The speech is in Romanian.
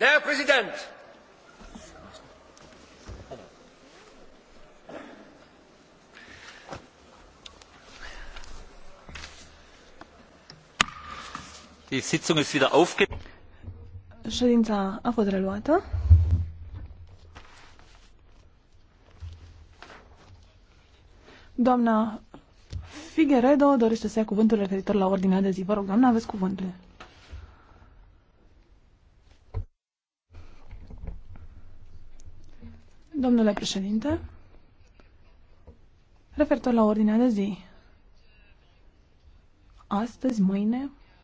Herr Präsident! Die Sitzung ist wieder aufge Ședința a fost reluată. Doamna Figueredo dorește să ia cuvântul referitor la ordinea de zi. Vă rog, doamna, aveți cuvântul. Domnule președinte, referitor la ordinea de zi, astăzi, mâine,